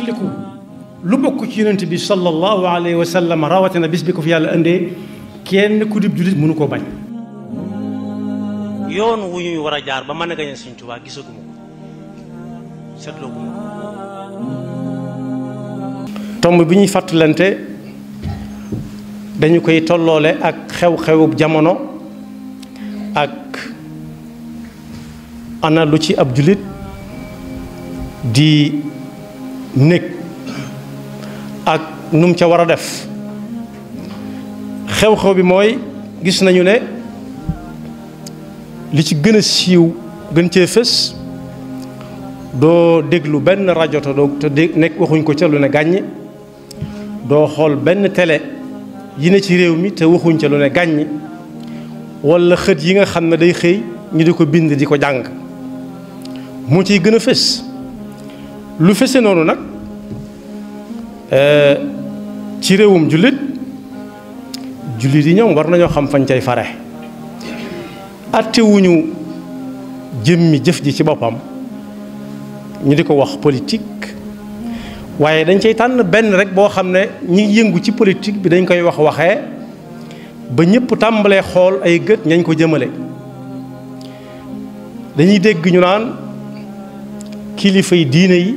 fàttaliku lu bokk ci yonent bi sallallahu alayhi wa sallam rawatina bis bi ko fi yàlla indee kenn ku dib jullit mënu koo bañ. yoon wu ñuy war a jaar ba mën a gañe Sëñ Tuubaa gisaguma ko seetlooguma ko. tomb bi ñuy fàttalante dañu koy tolloole ak xew-xewu jamono ak ana lu ci ab jullit di. néeg ak num mu ca war a def xew-xew bi mooy gis nañu ne li ci gën a siiw gën cee fës doo déglu benn rajo te doo te dé nekk waxuñ ko ca lu ne gàññ doo xool benn tele yi ne ci réew mi te waxuñ ca lu ne gàññ wala xët yi nga xam ne day xëy ñu di ko bind di ko jàng mu ciy gën a fës lu fese nak euh ci rewum julit julit yi ñom war nañu xam fañ faré atté wuñu jëmmi jëf ji ci bopam ñu di wax politique waaye dañ cey tan Ben rek bo xamné politik ñi yëngu ci politique bi dañ koy wax waxé ba ñepp tambalé xol ay gëtt ñañ ko jëmele dañuy dégg ñu naan yi diiné yi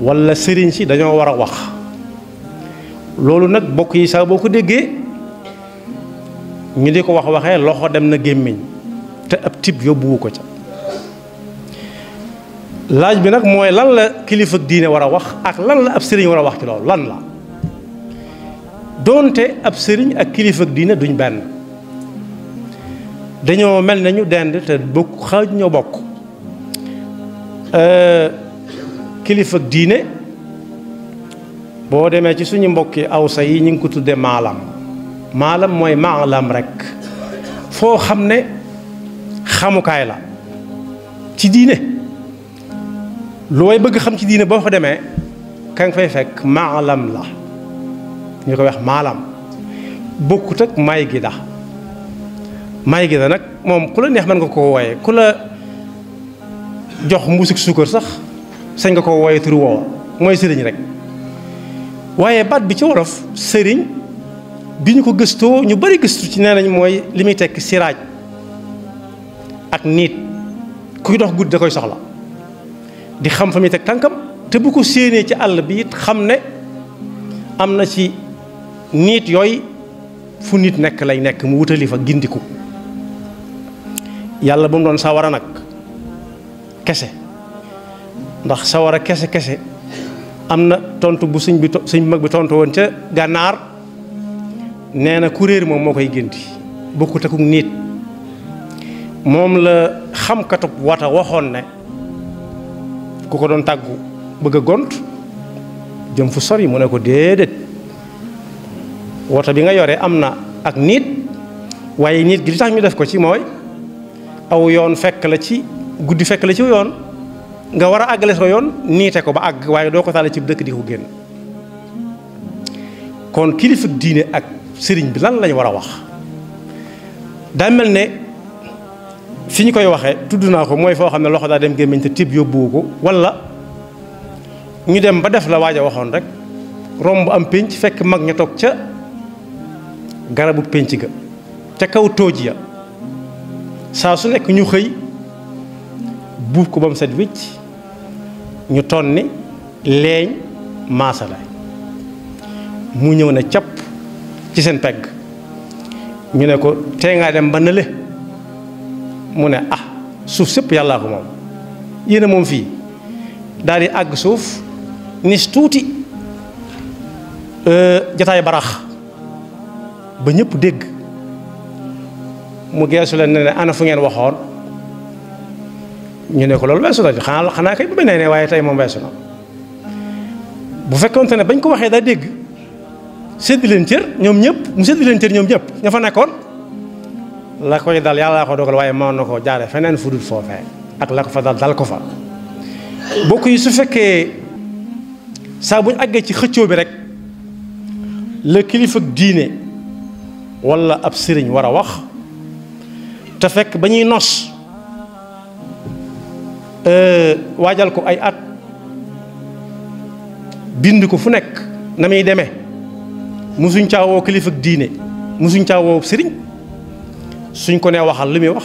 wala sëriñ si dañoo war a wax loolu nag bokk yi saa boo ko déggee ñu di ko wax waxee loxo dem na gémmiñ te ab tib yóbbuwu ko ca laaj bi nag mooy lan la kilifa diine war a wax ak lan la ab sëriñ war a wax ci loolu lan la doonte ab sëriñ ak kilifa diine duñ benn dañoo mel nañu dend te bokk xaaj ñoo bokk euh, kilifa diine boo demee ci suñu mbokki awsa yi ñu ngi ko tuddee maalam maalam mooy maalam rek foo xam ne xamukaay la ci diine lu way bëgg xam ci diine boo ko demee ka nga fay fekk maalam la ñu ko wax maalam bokkut ak may gi da may gi da nag moom ku la neex mën nga ko woye ku la jox mbusuk suukar sax sañ nga ko wooye turu woowu mooy sëriñ rek waaye baat bi ci wolof sëriñ bi ñu ko gëstoo ñu bari gëstu ci nee nañ mooy li muy tekk siraaj ak niit kuy dox guddi da koy soxla di xam fa muy teg tànkam te bu ko séenee ci àll bi it xam ne am na ci niit yooyu fu nit nekk lay nekk mu wutali fa gindiku yàlla ba mu doon sawara nag kese ndax sawara kese kese am na tontu bu sëñ bi sëñ mag bi tontu won ca ganar neena courier mom mokay moom bokku takuk nit mom la xamkatub wata waxon ne ku ko doon tàggu bëgg gont jëm fu sori mu ne ko dedet wata bi nga yore am na ak nit waye nit gi tax mi def ko ci moy aw yoon fekk la ci guddi fekk la ci yoon nga war a àggale sa yoon niite ko ba àgg waaye doo ko taal ci dëkk di ko génn kon kilifa diine ak sëriñ bi lan lañu war a wax daa mel ne fi ñu koy waxee tudd naa ko mooy foo xam ne loxo daa dem gémmiñ te tibb yóbbuwu ko wala ñu dem ba def la waaj a waxoon rek romb am pénc fekk mag ña toog ca garabu pénc ga ca kaw tóoj ya saa su nekk ñu xëy buub ko ba mu set wicc ñu tonni leeñ maasala mu ñëw na capp ci seen pegg ñu ne ko tee ngaa dem ba nële mu ne ah suuf sëpp yàllaa ko moom yéen a moom fii daal di àgg suuf nis tuuti euh, jataay barax ba ñëpp dégg mu geesu leen ne ana fu ngeen waxoon ñu ne ko loolu wessu na xana xana kay bu beneen ne waye tay mom wessu na bu fekkonte ne bañ ko waxé da dégg sédd leen cër ñom ñëpp mu sédd leen cër ñom ñëpp ña fa nekkoon la koy dal yàlla ko dogal waye ma na ko jaare fenen fu dul foofee ak la ko fa dal dal ko fa bokku yi su fekké sa buñ aggé ci xëccoo bi rek le kilifa diine wala ab sëriñ wara wax ta fekk bañuy noss Euh, waajal ko ay at bind ko fu nekk na muy demee musuñ caawoo kilifa diine musuñ caawoo sëriñ suñ ko nee waxal li muy wax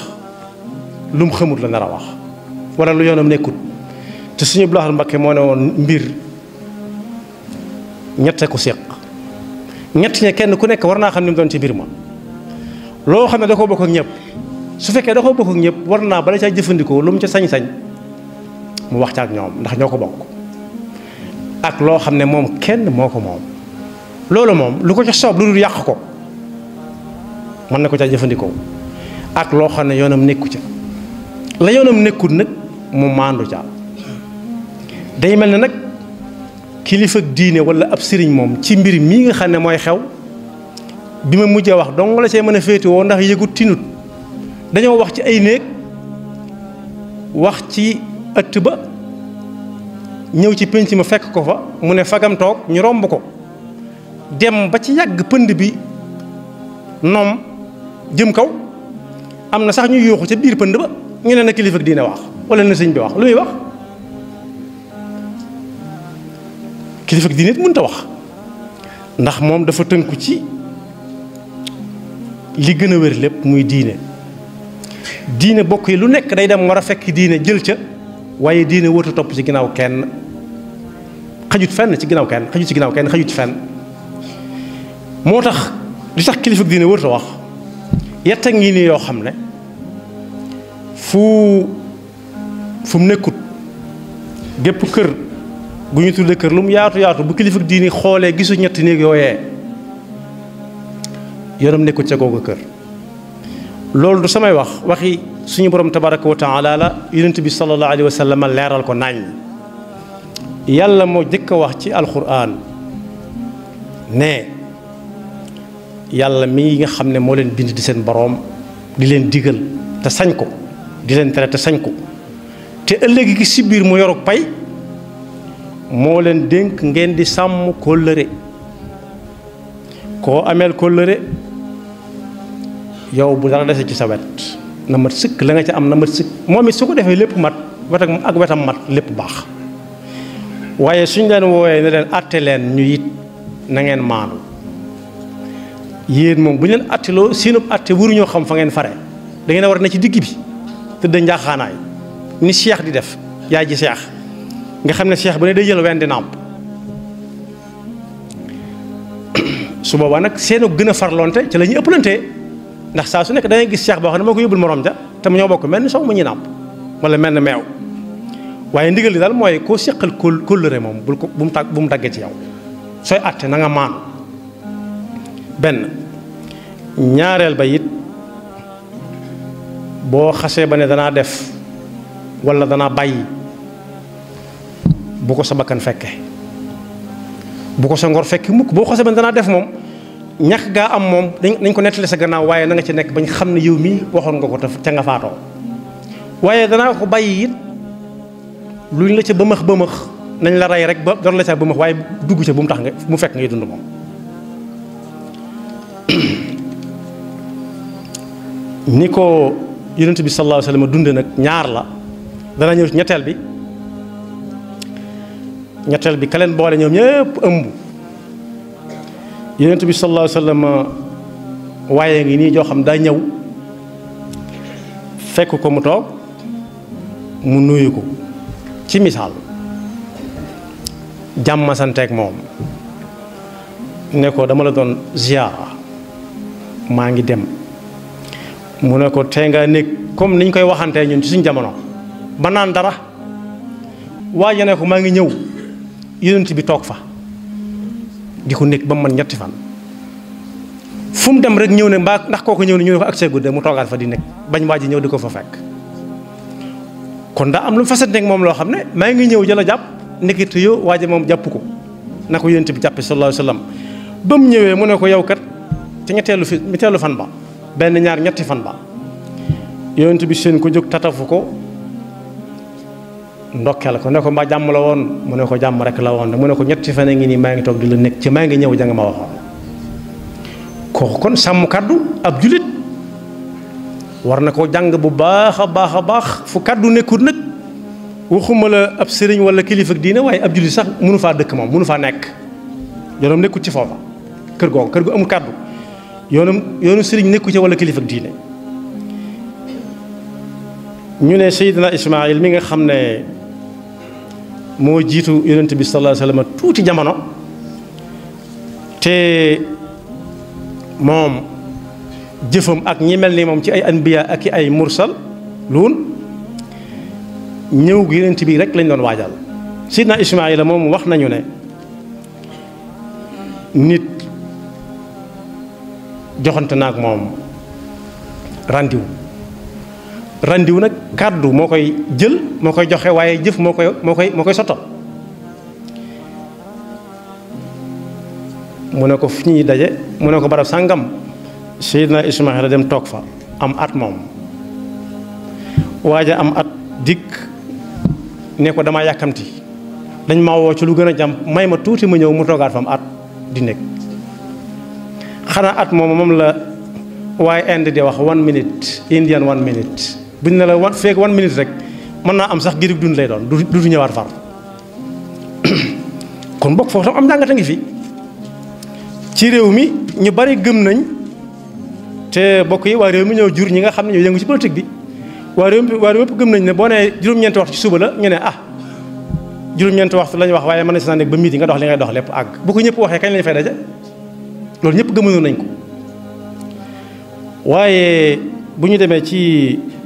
lu xamut la nar a wax wala lu yoonam nekkut te suñu Abdul Ahad Mbakke moo ne woon mbir ñette ko séq ñett ña kenn ku nekk war naa xam ne mu doon ci mbir ma loo xam ne da koo bokk ak ñëpp su fekkee da koo bokk ak ñëpp war naa bala caa jëfandikoo lu ca sañ-sañ mu waxtaan ak ñoom ndax ñoo ko bokk ak loo xam ne moom kenn moo ko moom loolu moom lu ko ca soob lu dul yàq ko mën na ko ca jëfandikoo ak loo xam ne yoonam nekku ca la yoonam nekkut nag mu maandu ca day mel ne nag kilifa diine wala ab sëriñ moom ci mbir mii nga xam ne mooy xew bi ma mujjee wax dong la see mën a féetewoo ndax yëgut tinut dañoo wax ci ay néeg wax ci ëtt ba ñëw ci pénc ma fekk ko fa mu ne fagam toog ñu romb ko dem ba ci yàgg pënd bi noom jëm kaw am na sax ñu yuuxu ca biir pënd ba ñu ne na kilifa diine wax wala na sëñ bi wax lu muy wax kilifa diine it mënta wax ndax moom dafa tënku ci li gën a wér lépp muy diine diine bokk yi lu nekk day dem war a fekki diine jël ca waaye diine wóotu topp ci ginnaaw kenn xajut fenn ci ginnaaw kenn xajut ci ginnaaw kenn xajut fenn moo tax li sax kilifa diine wóotu wax yetta ngi nii yoo xam ne fu fu nekkut gépp kër gu ñu tudde kër lu mu yaatu yaatu bu kilifa diine xoolee gisu ñetti néeg yooyee yoonam nekkut ca googu kër loolu du samay wax waxi suñu borom tabarak wa taala la yonent bi sallallahu alayhi wa sallam leeral ko nañ yàlla mo jëk wax ci alquran ne yàlla mi nga xamne mo leen bind di seen borom di leen diggal te sañ ko di leen tere te sañ ko te ëllëg gi ci biir mu yorug pay mo leen dénk ngeen di sam ko leere ko amel ko leere yow bu dara dess ci sa wet na mat sëkk la nga ca am na mat sëkk moom it su ko defee lépp mat wetam ak wetam mat lépp baax waaye suñ leen woowee ne leen àtte leen ñu it na ngeen maanu yéen moom bu ñu leen àtteloo seenub àtte waruñoo xam fa ngeen fare da ngeen war na ci digg bi tëdd njaaxaanaay ni seex di def yaay ji seex nga xam ne seex bu ne day jël wenn di nàmp su boobaa nag seenu gën a farlonte ci la ñuy ëpplante ndax saa su nekk dangay gis seex boo xam ne moo ko yóbbul morom ja te mu ñoo bokk mel soow mu ñu nàmp wala mel ni meew waaye ndigal li daal mooy koo seqal kóol kóllëre moom bul ko bu mu tàgg bu mu daggee ci yow sooy àtte nanga nga maanu benn ñaareel ba it boo xasee ba ne danaa def wala danaa bàyyi bu ko sa bakkan fekkee bu ko sa ngor fekke mukk boo xasee ba ne danaa def moom ñax gaa am moom dañ ko nettali sa gannaaw waaye na nga ci nekk bañ xam ne yow mii waxoon nga ko te ca nga faatoo waaye danaa ko bàyyi it luñ la ca bëmëx bëmëx nañ la rey rek ba dara la ca bëmëx waaye dugg ca bu mu tax nga mu fekk ngay dund moom ni ko yonent bi sallallahu alayhi wasallam dunde nag ñaar la dana ñëw ñetteel bi ñetteel bi ka leen boole ñoom ñëpp ëmb yonent bi sallallahu alayhi waaye ngi nii joo xam daa ñëw fekk ko mu toog mu nuyu ko ci misaal jàmmasanteeg moom ne ko dama la doon ziyaara maa ngi dem mu ne ko tey nga nekk comme niñ koy waxantee ñun ci suñ jamono ba naan dara waaye ne ko maa ngi ñëw yonent bi toog fa di ko nekk ba mu man ñetti fan fu mu dem rek ñëw ne mbaa ndax kooku ñëw ne ñu ne ko ak seegudde mu toogaat fa di nekk bañ waa ji ñëw di ko fa fekk kon daa am lu faset nekk moom loo xam ne maa ngi ñëw jëla jàpp nekkit yo waa ji moom jàpp ko na ko yonent bi jàppe sallallahu alayhi wa ba mu ñëwee mu ne ko yow kat ci ñetteelu fi ñetteelu fan ba benn ñaar ñetti fan ba yonent bi seen ko jóg tatafu ko ndokkeel ko ne ma jàmm la woon mu ne ko jàmm rek la woon mu ne ko ñetti fan a ngi nii maa ngi toog di la nekk ci maa ngi ñëw jàng ma waxoon kooku kon sàmm kaddu ab julit war na ko jàng bu baax a baax a baax fu kaddu nekkul nag waxuma la ab sëriñ wala kilifa ak diine waaye ab julit sax mënu faa dëkk moom mënu faa nekk yoonam nekkul ci foofa kër googu kër gu am kaddu yoonu sëriñ nekku ci wala kilifa ak diine ñu ne Seydina Ismaayil mi nga xam moo jiitu yonent bi sallallahu alayhi wa sallam tuuti jamono te moom jëfam ak ñi mel ni moom ci ay anbiya ak i ay mursal luun ñëw gi yonent bi rek lañ doon waajal sidna Ismaayila moom wax nañu ne nit joxante na ak moom rendiwu rendiwu nak kàddu moo koy jël moo koy joxe waaye jëf moo koy moo koy moo koy soto mu ne ko daje mu ne ko barab sàngam Seydina Ismaila dem fa am at mom waja am at dik ne ko damaa yàkkamti dañ ma woo ci lu gën a jàmm may ma fa at di nekk at mom mom la waaye end di wax one minute indian one minute buñ la wat fek wan minute rek man na am sax girig dund lay doon du du ñëwaat far kon bok fo am jangata ngi fi ci réew mi ñu bari gëm nañ té bok yi wa réew mi ñëw jur ñi nga xamni ne ñoo yëngu ci politique bi wa réew mi wa réew mi gëm nañ ne bo né juróom ñent wax ci suba la ñu né ah juróom ñent wax lañ wax waye man na nek ba midi nga dox li ngay dox lepp ag bu ko ñëpp waxe kañ lañ fay daje loolu ñëpp gëmënoon nañ ko waye buñu démé ci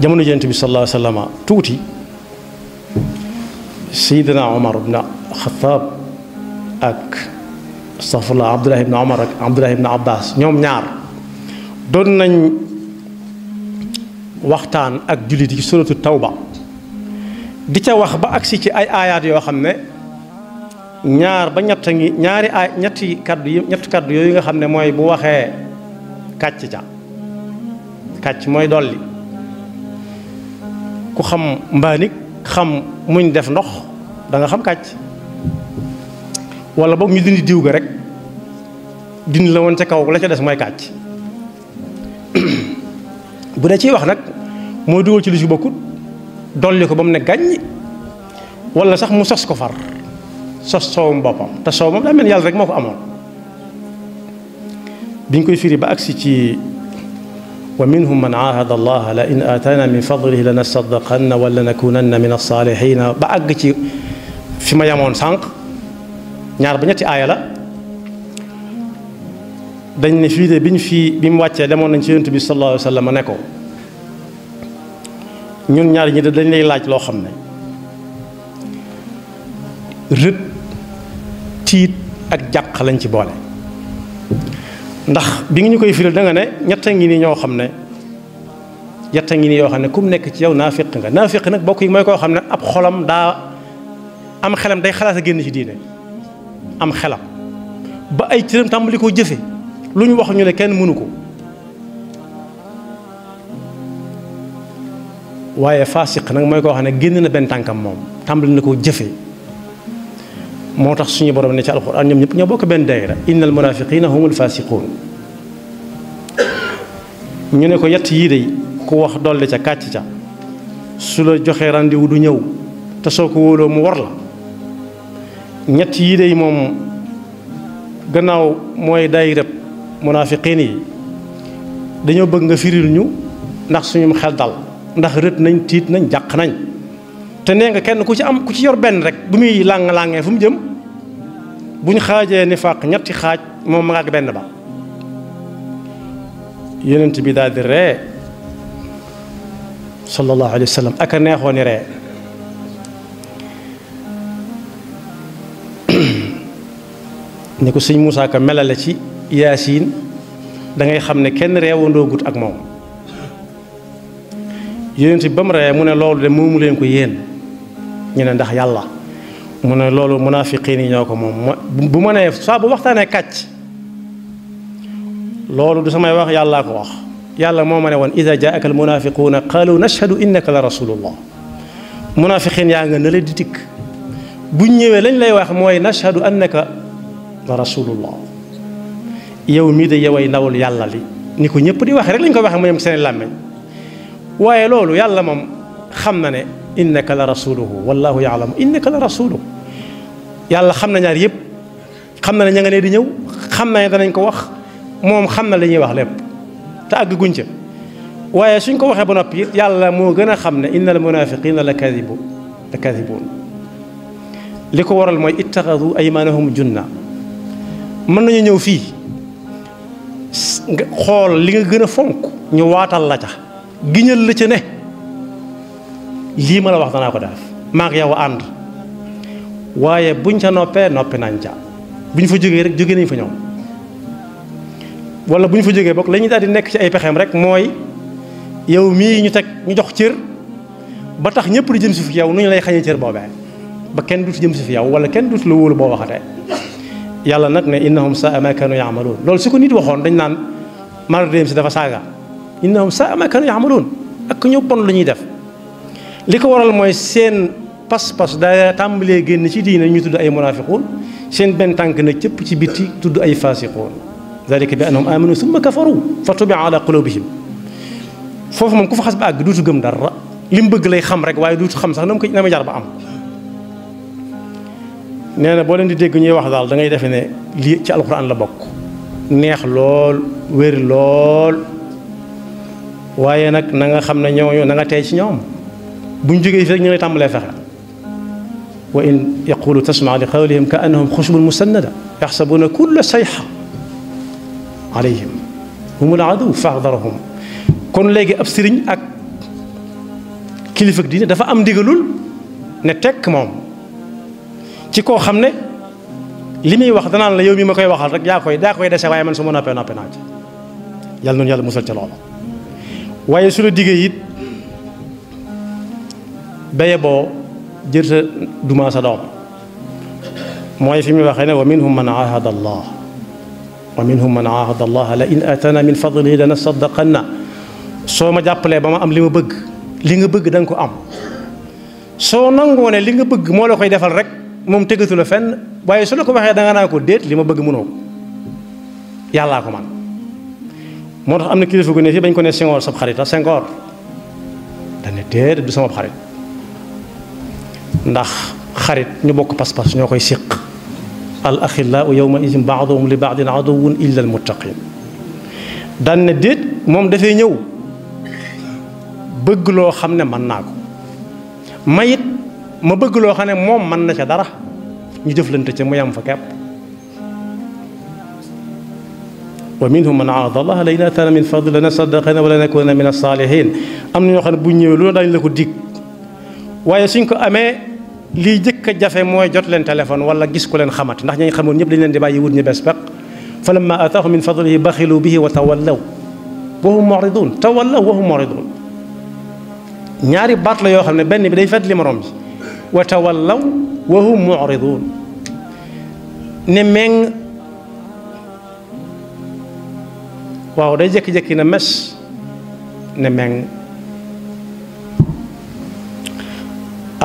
jamono Yonent bi sallallahu alayhi tuuti Seydina Omar ibn Xataab ak astafurlah Abdullahi ibn Omar ak Abdullahi ibn Abbas ñoom ñaar doon nañ waxtaan ak jullit yi suratu tawba di ca wax ba agsi ci ay aayaat yoo xam ne ñaar ba ñett ngi ñaari ay ñetti kàddu yi ñetti kàddu yooyu nga xam ne mooy bu waxee kàcc ca kàcc mooy dolli ku xam mbaanik xam muñ def ndox danga xam kàcc wala boog ñu dindi diw ga rek dindi la woon ca kaw la ca des mooy kàcc bu dee ciy wax nag mooy dugal ci lu ci bokkut dolli ko ba mu ne gàññ walla sax mu sos ko far sos soowum boppam te soow moom daa yàlla rek moo ko amoon biñ koy firi ba agsi ci wa minhum man aahada allaha la in aataana min fadlihi la nasaddaqanna wa la nakunanna min na ba àgg ci fi ma yamoon sànq ñaar ba ñetti aaya la dañ ne fii de biñ fii bi mu wàccee demoon nañ ci yonent bi sallallahu alayhi wa sallam ne ko ñun ñaar ñi dañ lay laaj loo xam ne rëbb tiit ak jàq lañ ci boole ndax bi nga ñu koy firil danga ne ñett ngi nii ñoo xam ne ñett ngi nii yoo xam ne ku mu nekk ci yow naa naafiq nga naa naafiq nag bokk yi mooy koo xam ne ab xolam daa am xelam day xalaat a génn ci diine am xelam ba ay cëram tàmbali koo jëfe lu ñu wax ñu ne kenn mënu ko waaye faasiq nag mooy koo xam ne génn na benn tànkam moom tàmbali na koo jëfe moo tax suñu borom ne ci alxuraan ñoom ñëpp ñoo bokk benn a innal munafiqina humul fasiquun ñu ne ko yett yii de ku wax dolli ca kàcc ca su la joxee rendez-vous du ñëw te soo ko wóoloo mu war la ñett yii de moom gannaaw mooy daayira munafiqin yi dañoo bëgg nga firil ñu ndax suñu xel dal ndax rët nañ tiit nañ jàq nañ te nee nga kenn ku ci am ku ci yor benn rek bu muy làng-làngee fu mu jëm buñ xaajee nifaaq ñetti xaaj moom ma nga benn ba yonent bi daal ree sallallahu alayhi wa sallam ak neexoo ni ree ni ko sëñ Moussa Ka melale ci Yaasin dangay xam ne kenn reewandoo gut ak moom yonent ba mu ree mu ne loolu de moomu leen ko yéen ñu ne ndax yàlla mu ne lolu munafiqin yi ñoo ko bu ma ne sa bu waxtane katch lolu du samay wax yalla ko wax yàlla mo mané won iza jaaka al munafiquna qalu nashhadu innaka la rasulullah munafiqin ya nga ne di tik bu ñewé lañ lay wax moy nashhadu annaka la rasulullah yow mi de yoway nawul yàlla li ni ko ñëpp di wax rek lañ ko wax mu yem seen làmmeñ waye lolu yàlla mom xam na ne innaka la rasuluhu wallahu yaalamu innaka la rasuluhu yàlla xam na ñaar yëpp xam na ne ña nga ne di ñëw xam na ne danañ ko wax moom xam na li ñuy wax lépp te àgg guñ ca waaye suñ ko waxee ba noppi it yàlla moo gën a xam ne innal munafiqina la kadibu la kadibun li ko waral mooy ittaxadu aymanahum junna mën nañu ñëw fii nga xool li nga gën a fonk ñu waatal la ca giñal la ca ne lii ma la wax danaa ko def maa ngi a ànd waaye buñ ca noppee noppi nañ ca buñ fa jógee rek jóge nañu fa ñëw wala bu ñu fa jógee bokk la ñuy daal di nekk ci ay pexeem rek mooy yow mii ñu teg ñu jox cër ba tax ñëpp di jëm si fi yow nu ñu lay xañee cër boobee ba kenn duuti jëm si fi yow wala kenn duuti la wóolu boo waxatee yàlla nag ne innahum sa ma kanu yaamaluun loolu su ko nit waxoon dañ naan mara dem si dafa saaga innahum saa ma kanu yaamaluun ak ñu lu ñuy def liko waral moy sen pas-pas da tambale genn ci diina ñu tuddu ay munafiqun sen ben tank na cipp ci biti tuddu ay fasiqun zalika bi annahum amanu summa kafaru fatubi ala qulubihim fofu mom ku fa xass ba àgg duutu gem dara lim bëgg lay xam rek xam sax na ko na jar ba am neena bo len di dégg ñuy wax dal da ngay ne li ci alquran la bok neex lol wër lol waye nak na nga xam ne ñoo na nga tay ci ñoom buñ ñu jógee fii rek ñu ngi lay tàmbalee fexe wa in yaqulu tasmaa li qawlihim ka annahum xushbun musannada yaxsabuna kulla sayxa alayhim humul adu faxdarahum kon léegi ab sëriñ ak kilifak diine dafa am ndigalul ne tekk moom ci koo xam ne li muy wax danaan la yow mi ma koy waxal rek yaa koy daa koy dese waaye man su ma noppee noppee naa ci yàlla noonu yàlla musal ca loolu waaye su la diggee it بيبو جير دوما سا دوم موي فيمي واخنا ومنهم من عاهد الله ومنهم من عاهد الله لئن اتانا من فضله لنصدقن سوما جابلي بما ام ليما بغ ليغا بغ دانكو ام سو نانغو ليغا بغ مو لاكاي ديفال ريك موم تيغتو لا فن واي سو لاكو واخي دا كو ديت ليما بغ مونو يالا كو مان موتاخ امنا كليفو غني سي بنكو ني سينغور سب خريطه سينغور دا ني دو سما خريطه ndax xarit ñu bokk pass pass ñokoy koy siq al akhilla yawma isin ba'dhum li baadin aduwun illa al muttaqin dan ne dit mom da fay ñëw bëgg lo xamne man mën ko mayit ma bëgg lo xamne mom man na ca dara ñu jëflante ci mu yam fa kep wa minhum man aahada allah la in atana min fadli lanasaddaqana wa lanakunanna min alsalihin am na ñoo xam ne bu ñëwee loolu daañu la ko dig waye suñ ko amé li jëk jafe moy jot leen téléphone wala gis ko leen xamat ndax ñañ xamoon ñep dañ leen di bàyyi wut ñu bes peq fa lamma min fadlihi bakhilu bihi wa tawallaw wa hum muridun tawallaw wa hum muridun ñaari baat la yo xamné benn bi day fet li morom bi wa tawallaw wa hum muridun ne meng waaw day jek jek na mes ne meng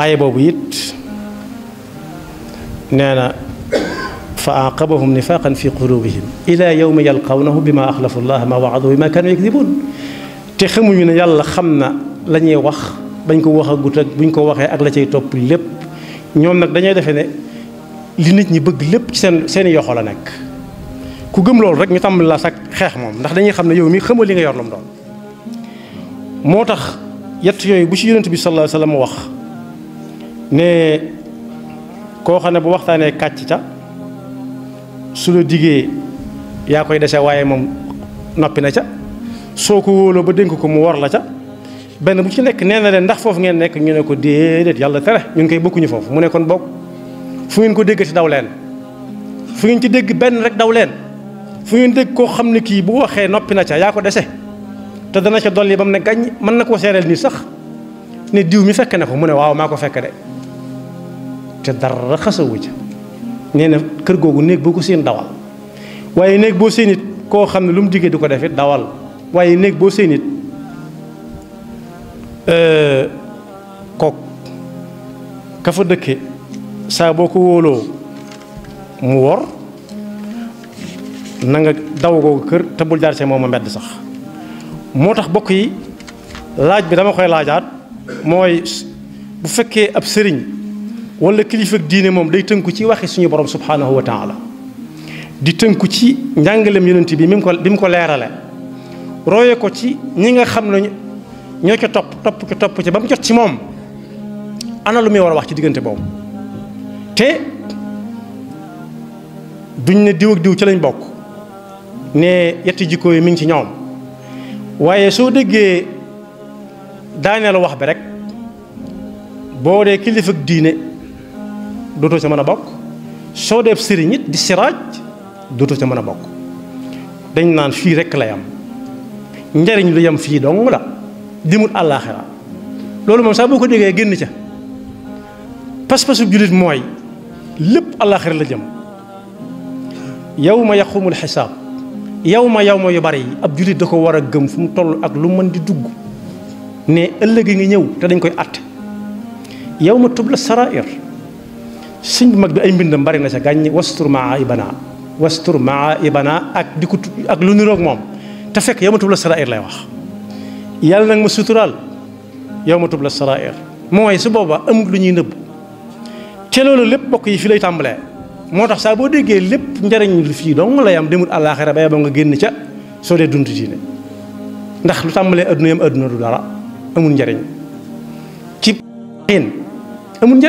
آية بويت نانا فأعقبهم نفاقا في قلوبهم إلى يوم يلقونه بما أخلف الله ما وعدوا بما كانوا يكذبون تخمو ين يلا خمنا لن يوخ بنكو وخا غوتك بنكو وخا أغلى شيء توب لب نيوم نك دنيا دفنة لينت ني بغ لب سين سين يخولا نك كو گم لول رك ني تام لا ساك خيخ موم ndax dañuy xamne yow mi xamul li nga yor lam doon motax yett yoy bu ci yoonte bi sallallahu alayhi wasallam wax ne koo xam ne bu waxtaanee kàcc ca su la diggee yaa koy dese waaye moom noppi na ca soo ko wóoloo ba dénk ko mu war la ca benn bu ci nekk nee na leen ndax foofu ngeen nekk ñu ne ko déedéet yàlla tere ngi koy bokkuñu foofu mu ne kon bokk fu ngeen ko dégg ci daw leen fu ngeen ci dégg benn rek daw leen fu ngeen dégg koo xam ne kii bu waxee noppi na ca yaa ko dese te dana ca dolli ba mu ne gàññ mën na koo seereel nii sax ne diw mi fekk na ko mu ne waaw maa ko fekk ci dara xassawu ci neena na kër googu néeg boo ko seen dawal waye neeg bo seen nit ko xamne lum diggé mu diggee dawal waye neeg bo seen nit euh kook ka fa dëkke sa boko wolo mu wor na nga daw gogou kër ta bul jaar see moom mbedd sax motax tax bokk yi laaj bi dama koy laajaat moy bu fekke ab serigne wala kilifa diine moom day tënku ci waxi suñu borom subhanahu wa taala di tënku ci njàngalem yonent bi mu ko bi mu ko leerale royee ko ci ñi nga xam ne ñoo ca topp topp ca topp ci ba mu jot ci moom ana lu muy war a wax ci diggante boobu te duñ ne diw diw ci lañ bokk ne yetti jikko yi mi ngi ci ñoom waaye soo déggee daaneelu wax bi rek boo dee kilifa diine dootoo sa mën a bokk soo def sëriñ it di siraaj dootoo sa mën a bokk dañ naan fii rekk lay am njariñ lu yem fii dong la dimut àllaaxira loolu moom saa boo ko déggee génn ca pas-pasu jullit mooy lépp àllaaxira la jëm yow ma yaqumul xisaab yow ma yow ma yu bari yi ab jullit da ko war a gëm fu mu toll ak lu mën di dugg ne ëllëg yi ngi ñëw te dañ koy àtte yow ma tub la sarair sëñ bu mag bi ay mbindam bari na sa gàññ wastur maa ibana wastur maa ibana ak diku ak lu niroog moom te fekk yow ma tub la sarair lay wax yalla nak ma sutural yow ma la sarair moy su boba am lu ñuy neub te lolu lepp bok yi fi lay tambalé motax sa bo déggé lepp ndariñ lu fii dong lay am demul àllaaxira ba yaboo nga génn ca soo dee dund diine ndax lu tambalé aduna yam aduna du dara amul ndariñ ci amul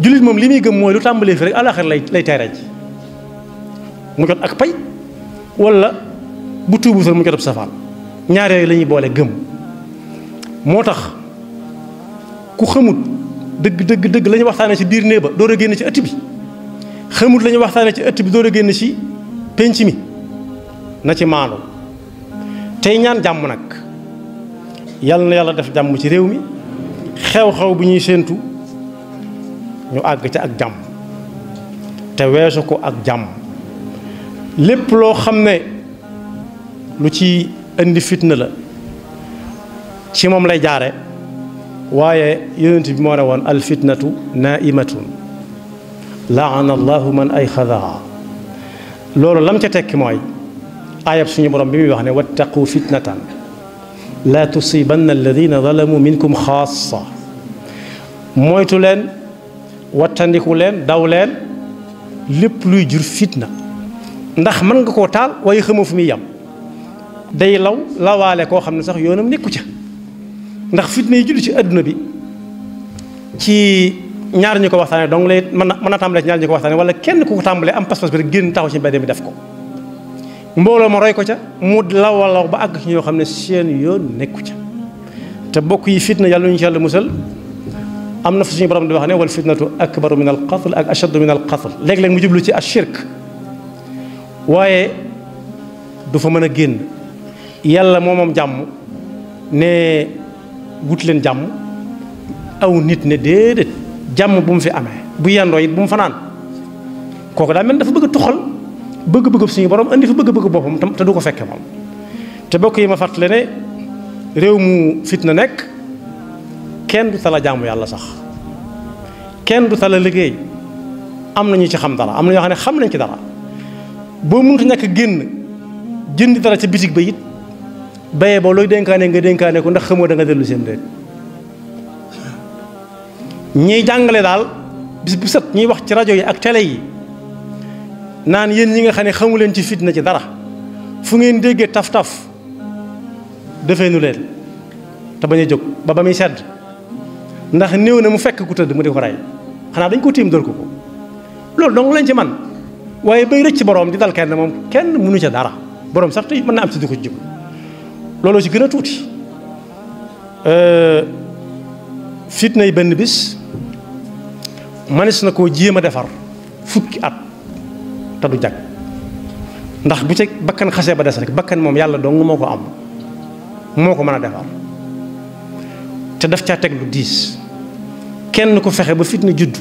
jullit moom li muy gëm mooy lu tàmbalee fi rek àllaaxira lay lay teeraj mu jot ak pay wala bu tuubu mu jot ab safaan ñaar yooyu lañuy boole gëm moo tax ku xamut dëgg dëgg dëgg la ñu waxtaanee ci biir néeg ba door a génn ci ëtt bi xamut la ñu waxtaanee ci ëtt bi door a génn ci penc mi na ci maandu tey ñaan jàmm nag yal na yàlla def jàmm ci réew mi xew-xew bu ñuy séentu ñu àgg ci ak jàmm te weesu ko ak jàmm lépp loo xam ne lu ci indi fitna la ci moom lay jaare waaye yonent bi moo ne woon al fitnatu naimatun laana allahu man ay xadaha loolu lam ca tekki mooy ayab suñu borom bi muy wax ne wattaqu fitnatan la tusibanna alladina zalamu minkum xaasa moytu leen wattandiku leen daw leen lépp luy jur fitna ndax mën nga koo taal waaye xamoo fu muy yam day law lawaale koo xam ne sax yoonam nekku ca ndax fitna yi judd ci adduna bi ci ñaar ñu ko waxtaanee donc lay mën a mën a tàmbalee ci ñaar ñu ko waxtaanee wala kenn ku ko tàmbalee am pas-pas bi rek génn taxaw ci mbedd mi def ko mbooloo ma roy ko ca mu lawalaw ba àgg ci ñoo xam ne seen yoon nekku ca te bokk yi fitna yàlla ñu ci yàlla musal amna na suñu borom di wax ne wal fitnatu akbar min al qatl ak ashad min al qatl leg leg mu jublu ci ashirk waye du fa meuna génn yàlla momam jàmm ne wut len jàmm aw nit ne dedet jàmm bu mu fi amé bu yando it bu mu fanan koku da mel dafa bëgg a tuxal bëgg-bëgg suñu borom andi fa bëgg-bëgg bopam te du ko fekke mom te bokk yi ma fàttale ne mu fitna nek kenn du tala jaamu yàlla sax kenn du tala liggéey am na ñu ci xam dara am na ñoo xam ne xam nañ ci dara boo mënut a ñàkk génn jënd dara ci bitig ba it bayee ba looy dénkaane nga dénkaane ko ndax xamoo da nga dellu seen réer ñiy jàngale daal bis bu set ñuy wax ci rajo yi ak télé yi naan yéen ñi nga xam ne xamu leen ci fitna ci dara fu ngeen déggee taf-taf defee nu leen te bañ a jóg ba ba muy sedd. ndax new na mu fekk ku teud mu di ko ray xana dañ ko tim dal ko ko loolu dong lañ ci man waye bay recc borom di dal kenn mom kenn munu ci dara borom sax tay man na am ci ko jub ci gëna tuti euh fitna yi ben bis manis na ko jima defar fukki at ta du jak ndax bu ci bakkan xasse ba dess rek bakkan mom yalla dong moko am moko meuna defar te daf caa teg lu diis kenn ku fexe ba fitna juddu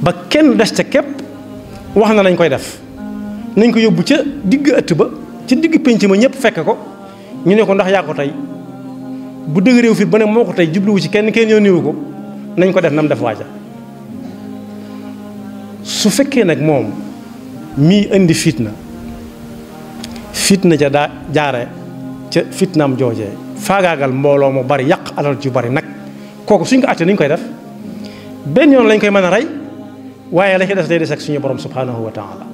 ba kenn des ca képp wax na lañ koy def nañ ko yóbbu ca digg ëtt ba ca digg pénc ma ñëpp fekk ko ñu ne ko ndax yaa ko tey bu dëgg réew fi ba ne moo ko tey jubluwu ci kenn kenn yow néewu ko nañ ko def nam def waaja su fekkee nag moom mii indi fitna fitna ca daa jaare ca fitnaam joojee fagaagal mbolo mo bari yak alal ju bari nak koku suñ ko ni ñu koy def ben yon lañ koy mëna ray waye la ci des day des suñu borom subhanahu wa taala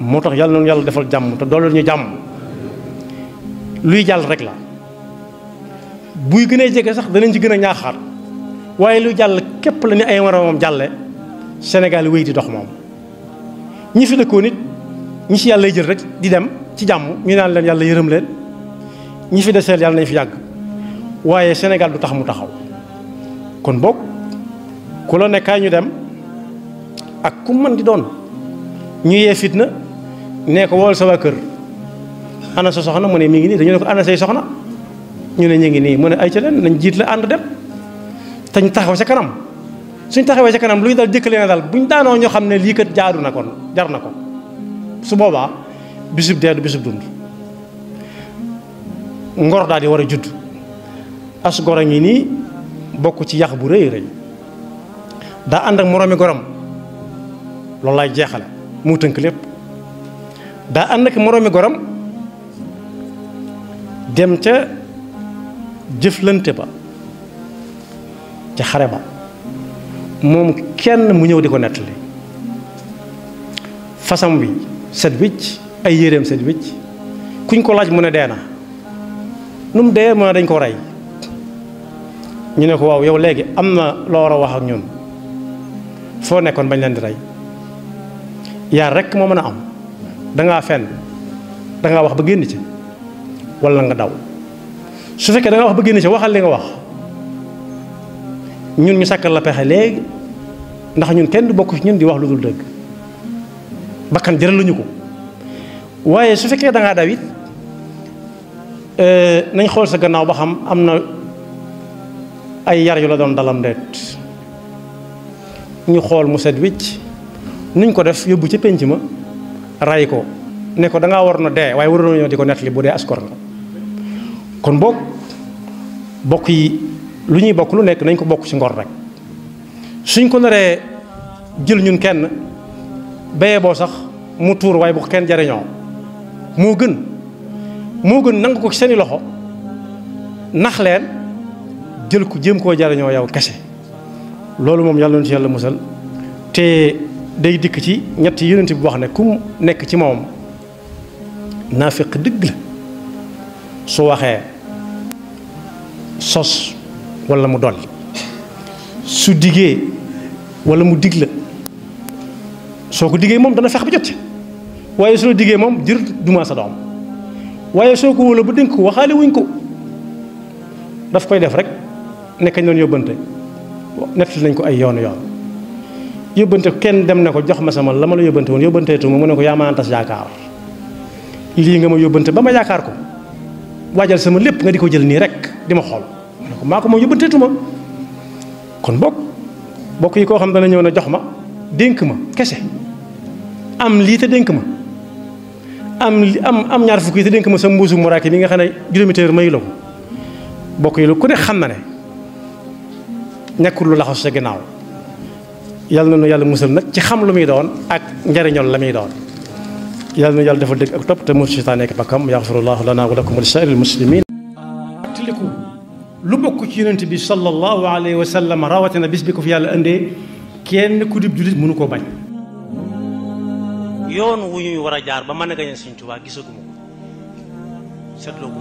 motax yalla yàlla yalla defal jamm te dolal ñu jamm luy jall rek la buy gëné a sax danañ ci gëna ñaaxaat waye luy képp la ni ay moroomam jallé Sénégal wéy di dox mom ñi fi dekkoo nit ñi ci yalla jël rek di dem ci jamm ñu naan leen yalla yërëm leen ñi fi deseel yalla nañ fi yag waaye Sénégal du tax mu taxaw kon bok ku la nekkay ñu dem ak ku mën di doon ñu yé fitna nee ko wol sama kër ana sa soxna mu ne mi ngi ni dañu ko ana say soxna ñu ne ñi ngi ni mu ne ay ci leen nañ jitt la and dem tañ taxaw ci kanam suñ taxaw ci kanam luy dal leena dal buñ daano ne kat jaadu na kon jar na ko su boba bisub dee bisub dund ngor daal di war a judd as gor a ngi nii bokk ci yax bu rëy rëy daa ànd ak moroomi gorom loolu laay jeexal mu tënk lépp daa ànd ak moroomi gorom dem ca jëflante ba ca xare ba moom kenn mu ñëw di ko nettali fasam wi set wicc ay yéreem set wicc kuñ ko laaj mu ne dee na nu mu dee mën dañ ko rey ñu ne ko waaw yow léegi am na loo war a wax ak ñun foo nekkoon bañ leen di rey yaa rekk moo mën a am dangaa fenn dangaa wax ba génn ci walla nga daw su fekkee dangaa wax ba génn ci waxal li nga wax ñun ñu sàkkal la pexe léegi ndax ñun kenn du bokk ci ñun di wax lu dul dëgg bakkan jëral lañu ko waaye su fekkee dangaa daw it Eh, nañ xool sa gannaaw ba xam am na ay yar yu la doon dalam deet ñu xool mu set wicc nuñ ko def yóbbu ci pénc ma ray ko ne ko dangaa war na dee waaye waroon ñoo di ko nettali bu dee askor nga kon bokk bokk yi lu ñuy bokk lu nekk nañ ko bokk ci ngor rek suñ ko naree jël ñun kenn béyee boo sax mu tuur waaye bu ko kenn jariñoo moo gën moo gën nangu ko ci seeni loxo nax leen jël ko jéem koo jariñoo yow kese loolu moom yàlla na ci yàlla musal te day dikk ci ñetti yonent bi wax ne ku nekk ci moom naafiq digg la su waxee sos wala mu dolli su diggee wala mu dig la soo ko diggee moom dana fex ba jot waaye su la diggee moom jër duma sa doom waaye soo ko wóola ba dénk ko waxaale wuñ ko daf koy def rek nekkañ doon yóbbante nettali nañ ko ay yoon yoon yóbbante kenn dem ne ko jox ma sama la ma la yóbbante woon yóbbanteetu ma mu ne ko yaa ma antas yaakaar nga ma yóbbante ba ma yaakaar ko waajal sama lépp nga di ko jël nii rek di ma xool mu ne ko maa ko moom yóbbanteetu ma kon bokk bokk yi koo xam dana ñëw na jox ma dénk ma kese am lii te dénk ma am am am ñaar fukki te dénk ma sa mbuusu muraaki mi nga xam ne juróomi téeméer mayu la ko bokk yi lu ku ne xam na ne nekkul lu laxas sa ginnaaw yal na nu yàlla musal nag ci xam lu muy doon ak njariñoon la muy doon yal na yàlla defal dëgg ak topp te mu seytaane ak bakkam yaxfirullahu lana wa lakum wa li saa'iril muslimin tiliku lu bokk ci yonent bi sallallahu alayhi wa sallam rawatina bis bi ko fi yàlla indee kenn ku dib julit mënu koo bañ yoon wu ñuy war a jaar ba mën a gañe Sëñ Tuubaa gisaguma ko seetloo